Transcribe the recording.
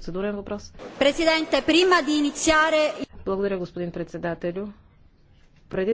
процедурен въпрос. Президенте, прима да инициаре... Благодаря, господин председателю.